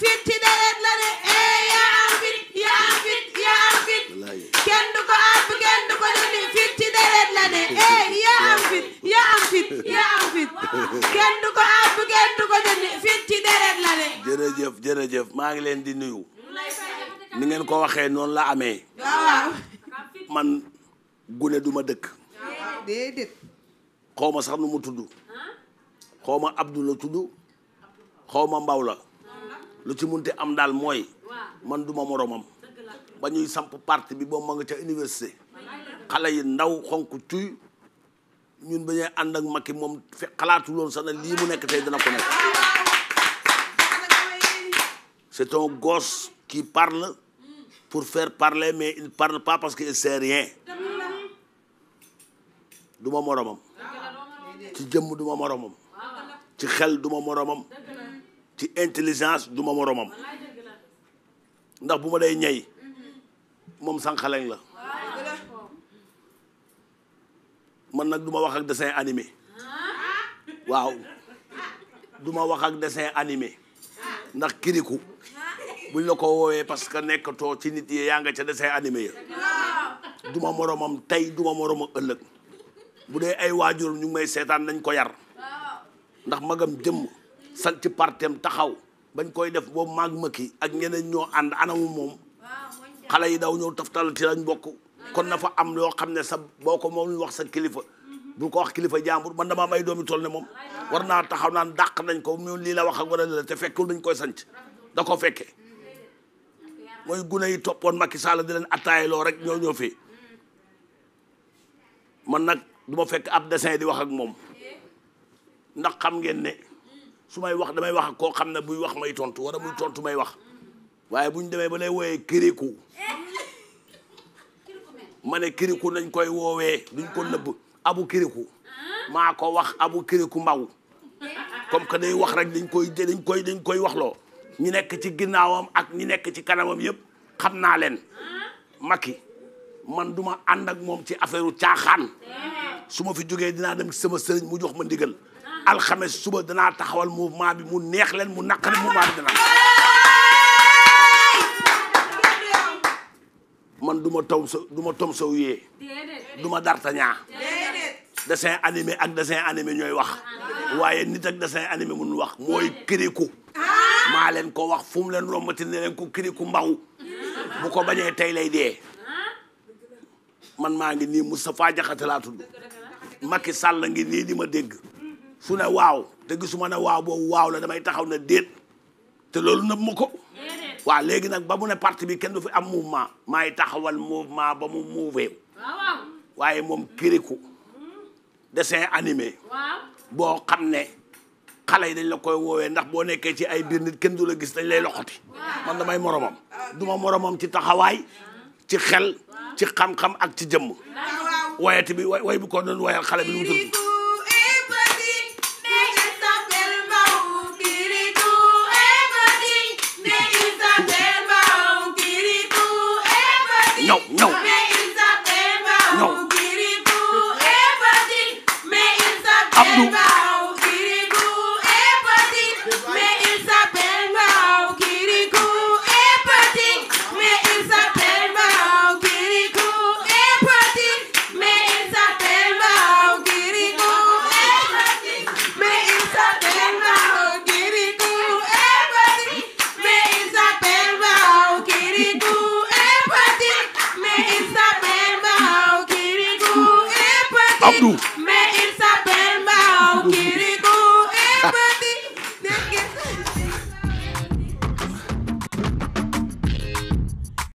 fitti deret la ne eh, yaa am fit yaa eh, am fit kenn du ko àbb kenn du ko dindi fitti deret la ne yaa am fit yaa am fit yaa am fit kenn du ko àbb kenn du ko dindi fitti deret la ne. jërëjëf jërëjëf maa ngi leen di nuyu. ni ngeen ko waxee noonu la amee. man gune du ma dëkk. xaw ma sax nu mu tudd. xaw ma Abdou la tudd. xaw ma Mbaw la. lu ci munti am daal mooy man duma moromam ba ñuy samp parti bi boo ma nga ca université xale yi ndaw xonk cuy ñun ba ñuy ànd ak Macky moom fe xalaatu loon sax ne lii mu nekk tey dina ko nekk c'est un gosse qui parle pour faire parler mais il parle pas parce que sait rien duma moromam ci jëmm duma moromam ci xel duma moromam ci intelligence du ma moromam ndax bu ma day ñey moom sànqaleñ la man nag du ma wax dessin animé waaw du ma wax ak dessin animé ndax kiriku buñ la ko woowee parce que nekkatoo ci nit yi yaa nga ca dessin animé ya du ma moromam tey du ma moromam ëllëg bu dee ay waajur ñu may seetaan nañ ko yar ndax magam jëmm salti partem taxaw bañ koy def boobu maag makki ak ñeneen ñoo ànd anamu moom xale yi daw ñëw taftal ci lañ bokk kon na fa am loo xam ne sa boo ko moom wax sa kilifa bu ko wax kilifa jàmbur man dama may doomi toll ne moom war naa taxaw naan dàq nañ ko mu lii la wax ak a la te fekkul dañ koy sanc da ko fekke mooy gune yi toppoon Macky Sall di leen attaaye loo rek ñoo ñoo fii man nag du ma fekk ab dessin di wax ak moom ndax xam ngeen ne su may wax damay wax ak koo xam ne buy wax may tontu wala muy tontu may wax waaye bu ñu demee ba lay wooyee kiriku ma ne kiriku nañ koy woowee duñ ko nëbb abu kiriku maa ko wax abu kiriku mbaw comme que day wax rek dañ koy dañ koy dañ koy waxloo ñu nekk ci ginnaawam ak ñu nekk ci kanamam yëpp xam naa leen Macky man duma ànd ak moom ci affaire caaxaan su ma fi jógee dinaa dem sama sëriñ mu jox ma ndigal alxames suba danaa taxawal mouvement bi mu neex leen mu naqari mouvement bi danaa man duma ma tom sa du ma tom saw yee du ma dartañaa dessin animé ak dessin animé ñooy wax waaye nit ak dessin animé mun wax mooy kiriku ah. maa leen ko wax fu leen rombati ne leen ko kiriku mbaw bu ko bañee tey lay dee ah. man maa ngi nii Moustapha Diakhaté makki sàll ngi nii di ma dégg su ne waaw te gisuma ne waaw boobu waaw la damay taxaw ne déet te loolu nëb ma ko waaw léegi nag ba mu ne parti bi kenn du fi am mouvement maay taxawal mouvement ba mu mouvé waaye moom kiriku dessin animé boo xam ne xale yi dañ la koy woowee ndax boo nekkee ci ay biir kenn du la gis dañ lay loxoti man damay moromam duma moromam ci taxawaay ci xel ci xam-xam ak ci jëmm wayati bi way bi ko doon wayal xale bi lu mu tudd Abdou. Abdou Kiri